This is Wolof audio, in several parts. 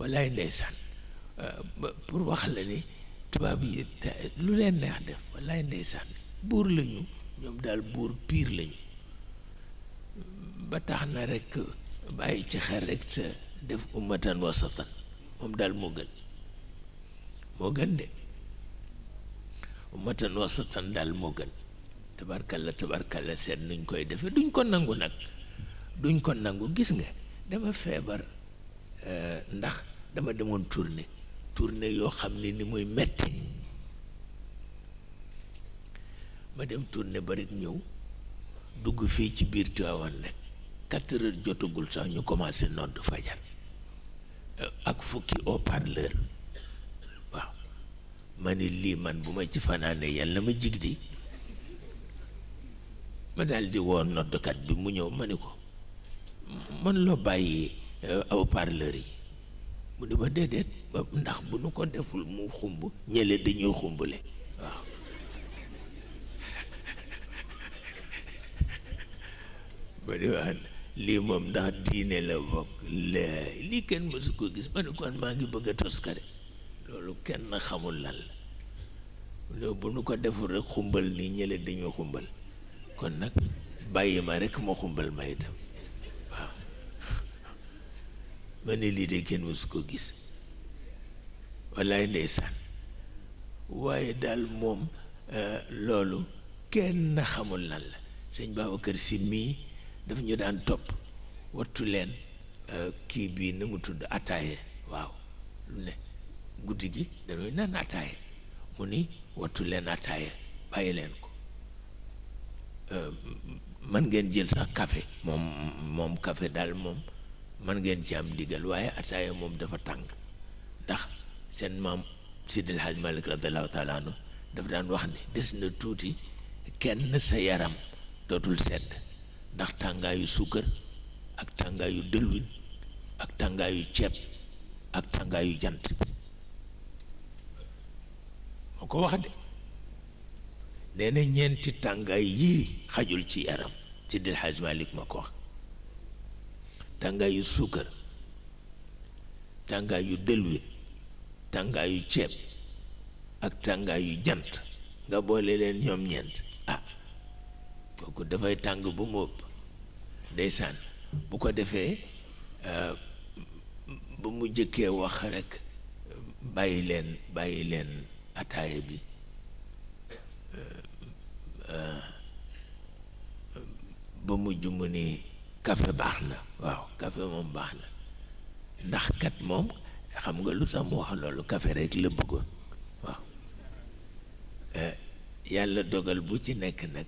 wallaay ndeysaan euh, pour wax la ni tubaab yi lu leen neex def wallaay ndeysaan buur lañu ñoom daal buur piir lañu ba tax na rekk bàyyi ci xel rek sa def ummatan wasatan moom daal moo gën moo gën de ummatan wasatan daal moo gën tabarkalla tabarkalla seet nuñ koy defe duñ ko nangu nag duñ ko nangu gis nga dama feebar Euh, ndax dama demoon tournée tournée yoo xam ne ni muy metti ma dem tournée bari ñëw dugg fii ci biir Tiwaawan nag quatre heures jotagul sax ñu commencé nodd fajar euh, ak fukki haut waaw ma ni lii man bu ma ci fanaane yàlla ma jig di ma daldi woon woo bi mu ñëw ma ni ko man loo bàyyi Euh, aw parleur yi mu ni ma déedéet ndax bu nu ko deful mu xumb ñële dañuy xumbale waaw ba di wax lii moom ndax diine la bokk laay lii kenn mësu ko gis ma ne kon maa ngi bëgg a toskare loolu kenn xamul lan la bu nu ko deful rek xumbal nii ñële dañuy xumbal kon nag bàyyi ma rek ma xumbal ma itam ma ne lii de kenn su ko gis wallaay ndeysaan waaye daal moom euh, loolu kenn xamul lan la sëñ Babacar Si mii daf ñu daan topp wattu leen euh, kii bii na mu tudd ataaye waaw lu ne guddi gi dañuy naan ataaye mu ni wattu leen ataaye bàyyi leen ko euh, mën ngeen jël sax café moom moom café daal moom man ngeen ci am ndigal waaye ataaya moom dafa tàng ndax seen maam Seydi El Hadj Malick radiallahu taala anhu daf daan wax ni des na tuuti kenn sa yaram dootul sedd ndax tàngaayu suukar ak tàngaayu dëlwin ak tàngaayu ceeb ak tàngaayu jant moo ko wax de nee ñeenti tàngaay yii xajul ci yaram Seydi El Hadj Malick ma ko wax tàngaayu suukar tàngaayu dëlwit tàngaayu ceeb ak tàngaayu jant nga boole leen ñoom ñeent ah kooku dafay tàng bu mu ëpp ndeysaan bu ko defee euh, ba mu jëkkee wax rekk bàyyi leen bàyyi leen ataaya bi euh, euh, ba mujj mu ni kafe baax na waaw café moom baax na ndax kat moom xam nga lu tax mu wax loolu café rek la bëggoon waaw yàlla dogal bu ci nekk nag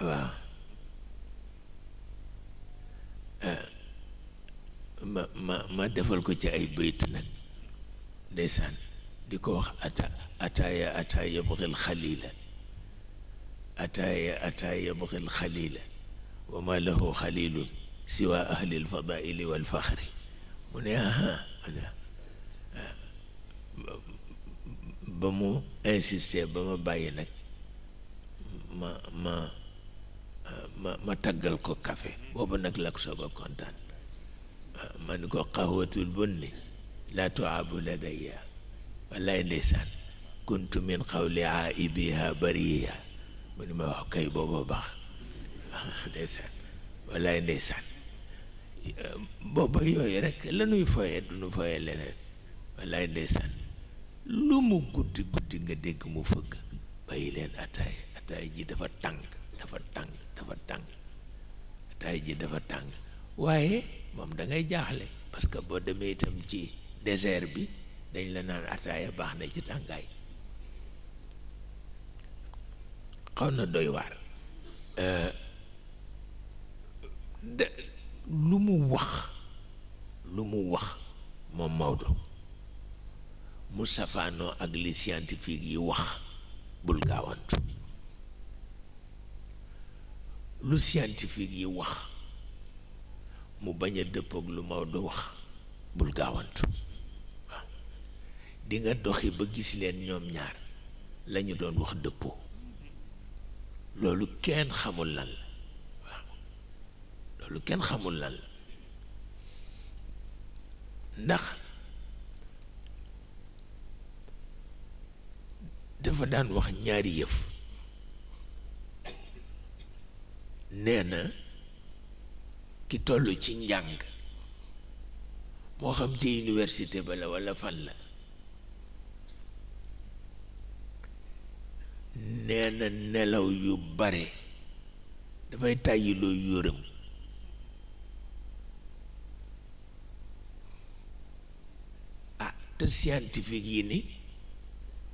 waaw ma ma ma defal ko ci ay bayt nag ndeysaan di ko wax ata ataaya ataaya buxil xalila ataaya ataaya buxil xalila وما له خليل سوى أهل الفضائل والفخر من ياها أنا بمو أنسيسي بمو باينك ما ما ما ما تقل كو كافي وبنك لك سوى كونتان من كو قهوة البني لا تعاب لدي ولا ليس كنت من قول عائبها بريا من ما هو كي بابا بخ Ah, ndeysaan wallaay ndeysaan eh, booba yooyu rek lanuy foye du nu foye leneen wallaay ndeysaan lu mu guddi guddi nga dégg mu fëgg bàyyi leen ataay ataay ji dafa tàng dafa tàng dafa tàng ataay ji dafa tàng waaye moom da ngay jaaxle parce que boo demee itam ci désert bi dañ la naan ataaya baax na ci tàngaay xaw na doy waar eh, lu mu wax lu mu wax moom Maodo mu safaanoo ak li scientifique yi wax bul gaawantu lu scientifique yi wax mu bañ a dëppoog lu Maodo wax bul gaawantu waaw doxi ba gis leen ñoom ñaar lañu doon wax dëppoo loolu kenn xamul lan la loolu kenn xamul lan la ndax dafa daan wax ñaari yëf nee na ki toll ci njàng moo xam ci université ba la walla fan la nee na nelaw yu bare dafay tàyyiloo yóoram Nah, te scientifique yi ni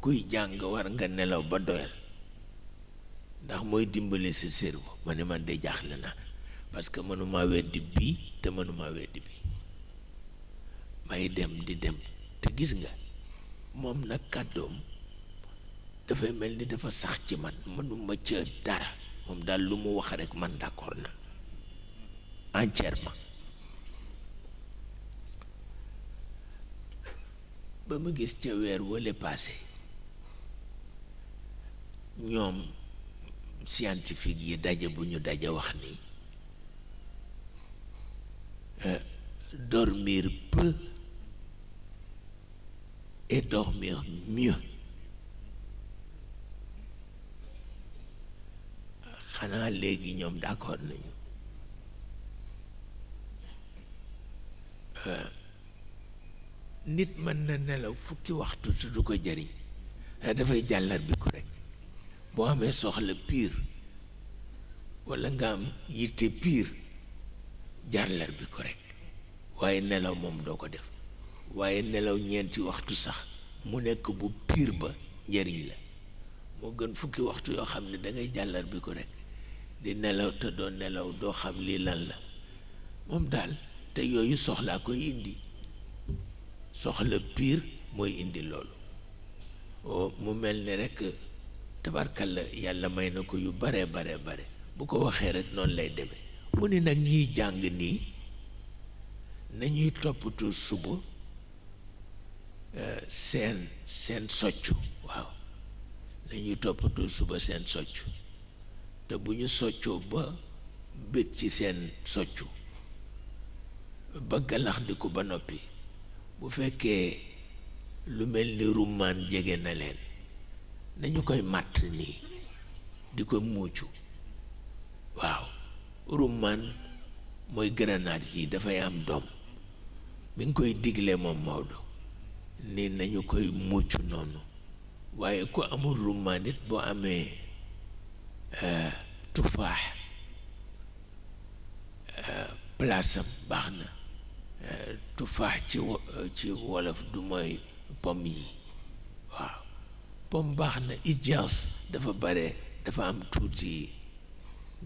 kuy jàng war nga nelaw ba doyal ndax mooy dimbali sa cerveau ma ne man de jaaxle na parce que mënuma weddi bii te mënuma bi may dem di dem te gis nga moom nag kàddoom dafay mel ni dafa sax ci man mënuma ca dara moom daal lu mu wax rek man d'accord na entièrement ba ma gis ca weer wala passé ñoom scientifique yi daje bu ñu daje wax ni euh, dormir peu et dormir mieux xanaa léegi ñoom d'accord nañu euh, nit mën na nelaw fukki waxtu te du ko jëriñ eh, dafay jàllar bi ko rek boo amee soxla piir walla nga am yitte piir jàllar bi ko rek waaye nelaw moom doo ko def waaye nelaw ñeenti waxtu sax mu nekk bu piir ba njëriñ la moo gën fukki waxtu yoo xam ne dangay jàllar bi di nelaw te doo nelaw doo xam lii la moom daal te yooyu soxlaa koy indi soxla piir mooy indi loolu oh, mu mel ni rekk tabarkalla yàlla may na ko yu bare bare bare bu ko waxee rek noonu lay deme mu ni nag ñuy jàng nii nañuy toppatoo suba eh, seen seen soccu waaw nañuy toppatoo suba seen soccu te bu ñu soccoo ba bët ci seen soccu ba galax di ko ba noppi bu fekkee lu mel ni rummaan jege na leen nañu koy màtt nii di ko muucu waaw rummaan mooy grenade yi dafay am doom mi ngi koy digle moom Maodo ni nañu koy muucu noonu waaye ku amul rummaan boo amee euh, tufaax euh, palaasam baax na euh, tufaax ci wolof du mooy pom yi waaw pom baax na ijaas dafa bare dafa am tuuti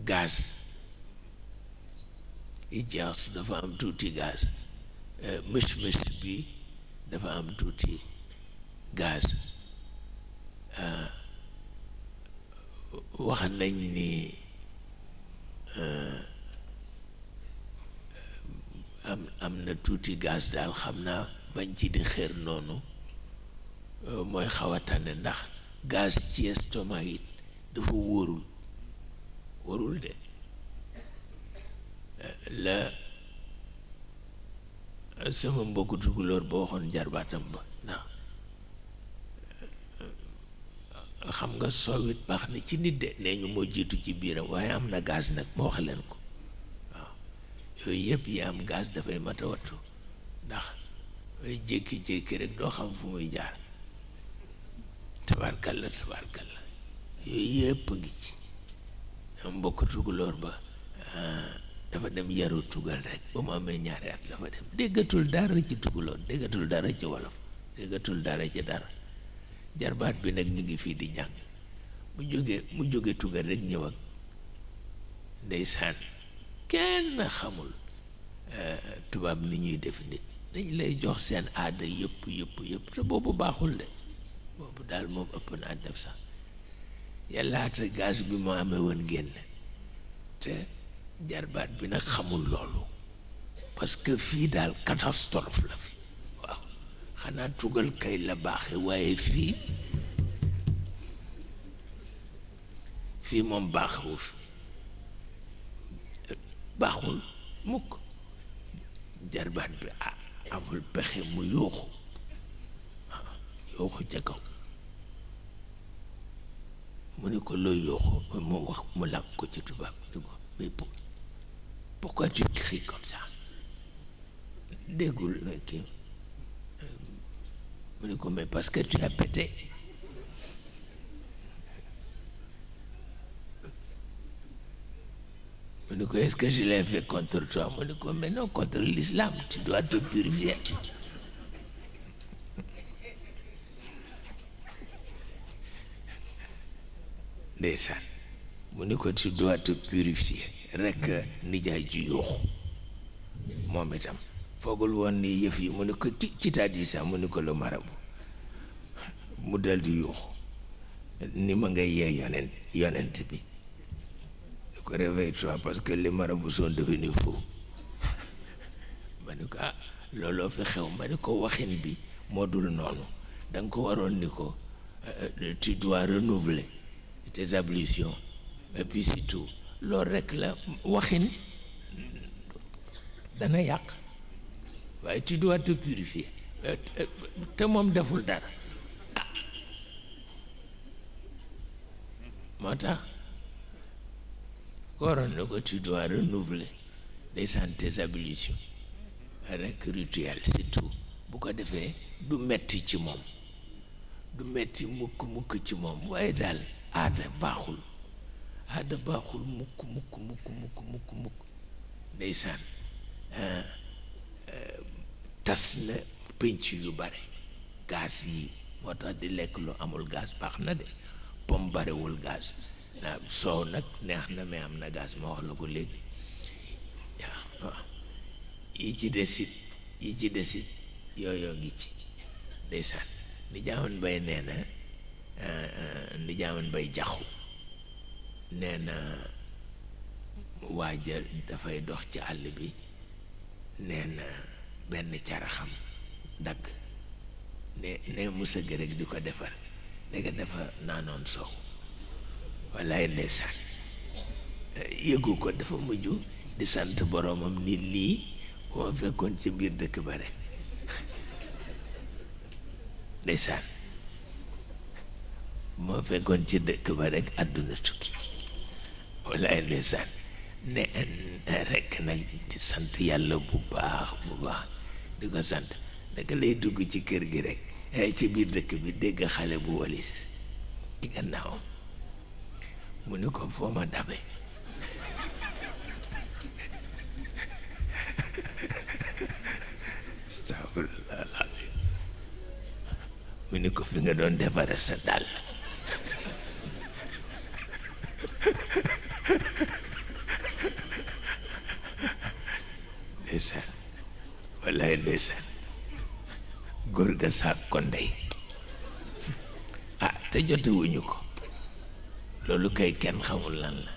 gaz ijaas dafa am tuuti gaz euh, mës mës bi dafa am tuuti gaz euh, wax nañ ni euh, am na tuuti gaz daal xam naa bañ ci di xër noonu euh, mooy xaw a ndax gaz ci estomac it dafa wóorul wóorul de euh, la euh, sama mbokku tukulóor ba waxoon jarbaatam ba ndax xam nga soowit baax na ci nit de nee ñu moo jiitu ci biiram waaye am na gaz nag ma wax leen ko yooyu yëpp yi am gaz dafay mat a wattu ndax way jékki-jékki rek doo xam fu muy jaar tabarkalla tabarkalla yooyu yëpp ngi ci am mbokk tukulóor ba ah, dafa dem yaru tugal rek ba mu amee ñaari at la dem déggatul dara ci tukulóor déggatul dara ci wolof déggatul dara ci dara jarbaat bi nag ñu ngi fii di jàng mu jóge mu jóge tugal rek ñëw ak ndeysaan kenn xamul euh, tubaab ni ñuy def nit dañ lay jox seen aada yëpp yëpp yëpp te boobu baaxul de boobu daal moom ëpp naa def sax yàllaata gaz bi moo amee woon génn te jarbaat bi nag xamul loolu parce que fii daal catastrophe la fi waaw xanaa tugal kay la baaxe waaye fii fii moom baaxewu baaxul mukk jarbaat bi ah, amul pexe mu yuuxu waaw ah, yuuxu ca kaw mu ne ko looy yuuxu mu wax mu làkk ko ci tubaab ni ko mais pour pourquoi tu cries comme ça déggul euh, kii euh, mu ne ko mais parce que tu as pété Je est-ce que je l'ai fait contre toi mon dis, mais non, contre l'islam, tu dois te purifier. Mais ça. ni tu dois te purifier rekk nijaay ji yuuxu moom itam foogul ni yëf yi mu ni ko ci citaat mon sax le ni ko lu ni ma ngay yonent yonent bi réveille-toi ah, parce que les marabouts sont devenus fous Manuka, lolo fait ah looloo fi xew ma ni ko bi euh, tu dois renouveler tes ablutions et puis c'est tout loolu rekk la waxin dana yàq waaye tu dois te purifier euh, euh, te moom deful dara ah. Mata waroon que tu dois renouveler ndeysaan tes ablutions Avec rituel Tu bu ko defee du metti ci moom du metti mukk mukk ci moom waaye daal aada à aada baaxul beaucoup, beaucoup, beaucoup mukk mukk Tu ah, eh, tas na des yu bare gaz yi moo tu di lekk amul gaz par de pom gaz soow nag neex na mais am na gaz ma wax la ko léegi yi ci desit yi ci desit yooyoo ngi ci ndeysaan ni jaaman bay nee na eh, eh, ni jaaman bay jaxu nee na waaja dafay dox ci àll bi nee benn caraxam dagg ne ne mu sëgg di ko defar ndeke dafa naanoon soow wallaay ndeysaan yëgu ko dafa mujj di sant boroomam nit lii moo fekkoon ci biir dëkk ba rek ndeysaan moo fekkoon ci dëkk ba rek àdduna tukki wallaay ndeysaan ne rek nag di sant yàlla bu baax bu baax di ko sant naka lay dugg ci kër gi rekk eh, ci biir dëkk bi dégg xale bu walis ci gannaawam mu ni ko foo ma dabe astaghfirullah alazim mu ni ko fi nga doon defare sa dàll ndeysaan wallaay ndeysaan góor ga saak ko ndey ah te jote ko loolu kay kenn xamul lan la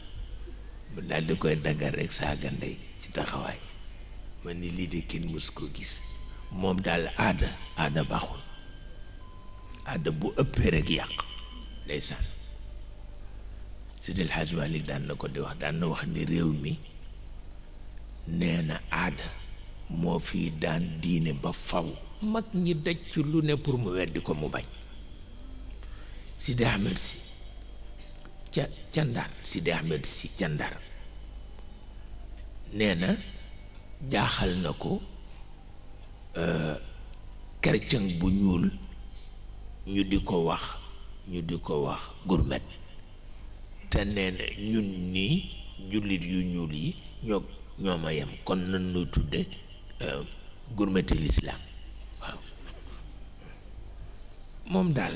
mu daal di koy daggal rek saaga ndey ci taxawaay ma ni lii de kenn mës ko gis moom daal aada aada baaxul aada bu ëpp rek yàq ndeysaan Seydi El Hadji Malick daan na ko di wax daan na wax ni réew mi nee na aada moo fi daan diine ba faw mag ñi daj ci lu ne pour mu weddi ko mu bañ Seydi Ahmed Si ca ca ndar Sidi Ahmed si ca ndar nee na jaaxal na ko euh, kercen bu ñuul ñu di ko wax ñu di ko wax gurmet te nee ñun nii jullit yu ñuul yi ñoo ma yem kon nan lu tudde euh, gurmeti lislaam waaw moom daal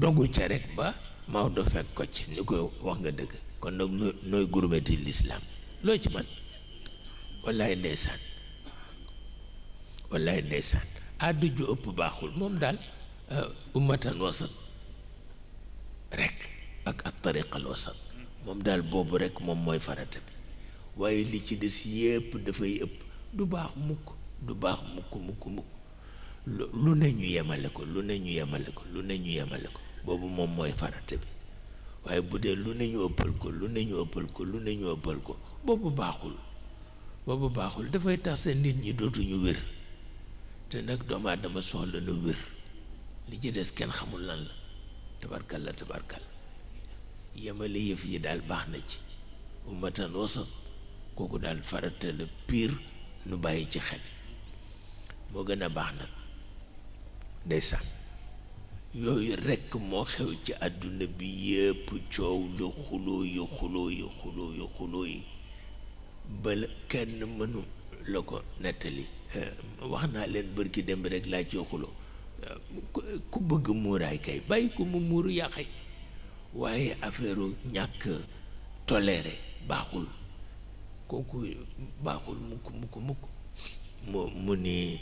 dogu ca rek ba Maodo fekk ko ci ni ko wax nga dëgg kon nag nooy nooy gurmeti lislaam loo ci man wallaay ndeysaan wallaay ndeysaan àddu ju ëpp baaxul moom daal umatan uh, wasat rek ak ak tariqal wasat moom daal boobu rek moom mooy farata bi waaye li ci des yépp dafay ëpp du baax mukk du baax mukk mukk mukk lu ne ñu yemale ko lu ne ñu yemale ko lu ne ñu yemale ko boobu moom mooy farata bi waaye bu dee lu ne ñu ëppal ko lu ne ñu ëppal ko lu ne ëppal ko boobu baaxul boobu baaxul dafay tax seen nit ñi dootuñu wér te nag doomu aadama soxla na wér li ci des kenn xamul lan la tabarkal la tabarkal yemale yëf yi daal baax na ci ummatan wasat kooku daal farata piir pire nu bàyyi ci xel moo gën a baax nag ndeysaan yooyu rekk moo xew ci àdduna bi yépp coow lu xuloo yi xuloo yi xuloo yi bala kenn mënu ko nettali eh, wax naa leen bërki dem rek laa ci xuloo eh, ku bëgg muuraay kay bàyyi ko mu muuru yàqay waaye affaire ñàkk toléré baaxul kooku baaxul mukk mukk mu mu ni